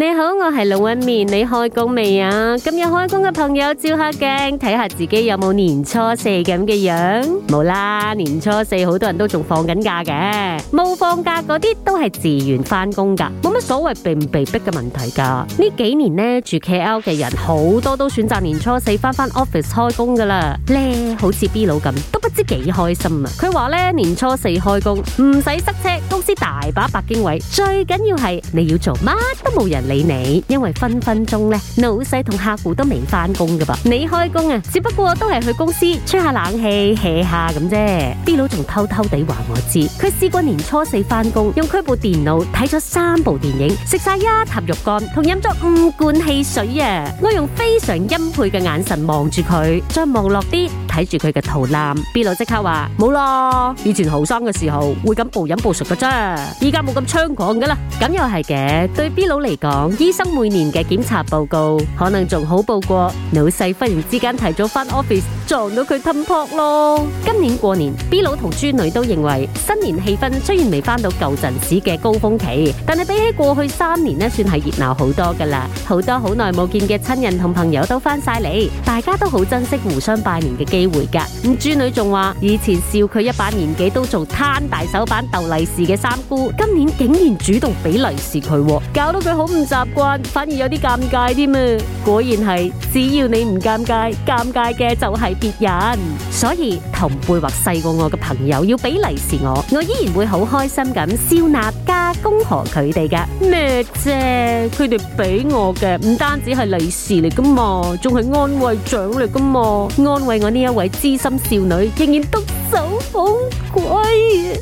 你好，我係龍紋敏。你開工未啊？今日開工嘅朋友照下鏡，睇下自己有冇年初四咁嘅樣。冇啦，年初四好多人都仲放緊假嘅。冇放假嗰啲都係自願返工噶，冇乜所謂被唔被逼嘅問題噶。呢幾年呢，住 K L 嘅人好多都選擇年初四返返 office 開工噶啦。呢好似 B 佬咁，都不知幾開心啊！佢話呢，年初四開工唔使塞車，公司大把 parking 位。最緊要係你要做乜都冇人理你，因為分分鐘咧，老細同客戶都未翻工噶噃。你開工啊，只不過都係去公司吹下冷氣、歇下咁啫。B 佬仲偷偷地話我知，佢試過年初四翻工，用佢部電腦睇咗三部電影，食晒一盒肉乾同飲咗五罐汽水啊！我用非常欽佩嘅眼神望住佢，再望落啲睇住佢嘅肚腩，B 佬即刻話：冇咯，以前後生嘅時候會咁暴飲暴食噶啫，依家冇咁猖狂噶啦。咁又係嘅，對 B 佬嚟講，醫生每年嘅檢查報告可能仲好報過，老細忽然之間提早翻 office 撞到佢吞撲咯。今年過年，B 佬同豬女都認為新年氣氛雖然未翻到舊陣時嘅高峰期，但係比起過去三年呢，算係熱鬧好多噶啦。好多好耐冇見嘅親人同朋友都翻晒嚟，大家都好珍惜互相拜年嘅機會噶。咁豬女仲話以前笑佢一把年紀都做攤大手板逗利是嘅三姑，今年竟然主動俾利是佢，搞到佢好。唔習慣，反而有啲尷尬添啊！果然係，只要你唔尷尬，尷尬嘅就係別人。所以同輩或細過我嘅朋友要俾利是我，我依然會好開心咁笑納加恭賀佢哋噶。咩啫、啊？佢哋俾我嘅唔單止係利是嚟噶嘛，仲係安慰獎勵噶嘛，安慰我呢一位資深少女，仍然獨守空閨。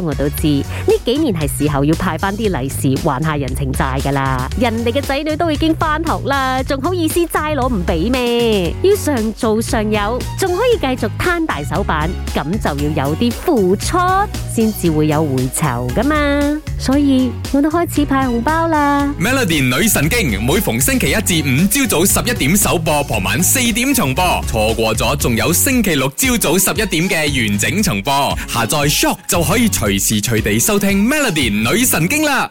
我都知呢幾年係時候要派翻啲利是還下人情債噶啦，人哋嘅仔女都已經翻學啦，仲好意思齋攞唔俾咩？要常做常有，仲可以繼續攤大手板，咁就要有啲付出先至會有回酬噶嘛。所以我都開始派紅包啦。Melody 女神經每逢星期一至五朝早十一點首播，傍晚四點重播，錯過咗仲有星期六朝早十一點嘅完整重播，下載 SYOK 就可以重隨時隨地收聽 Melody 女神經啦！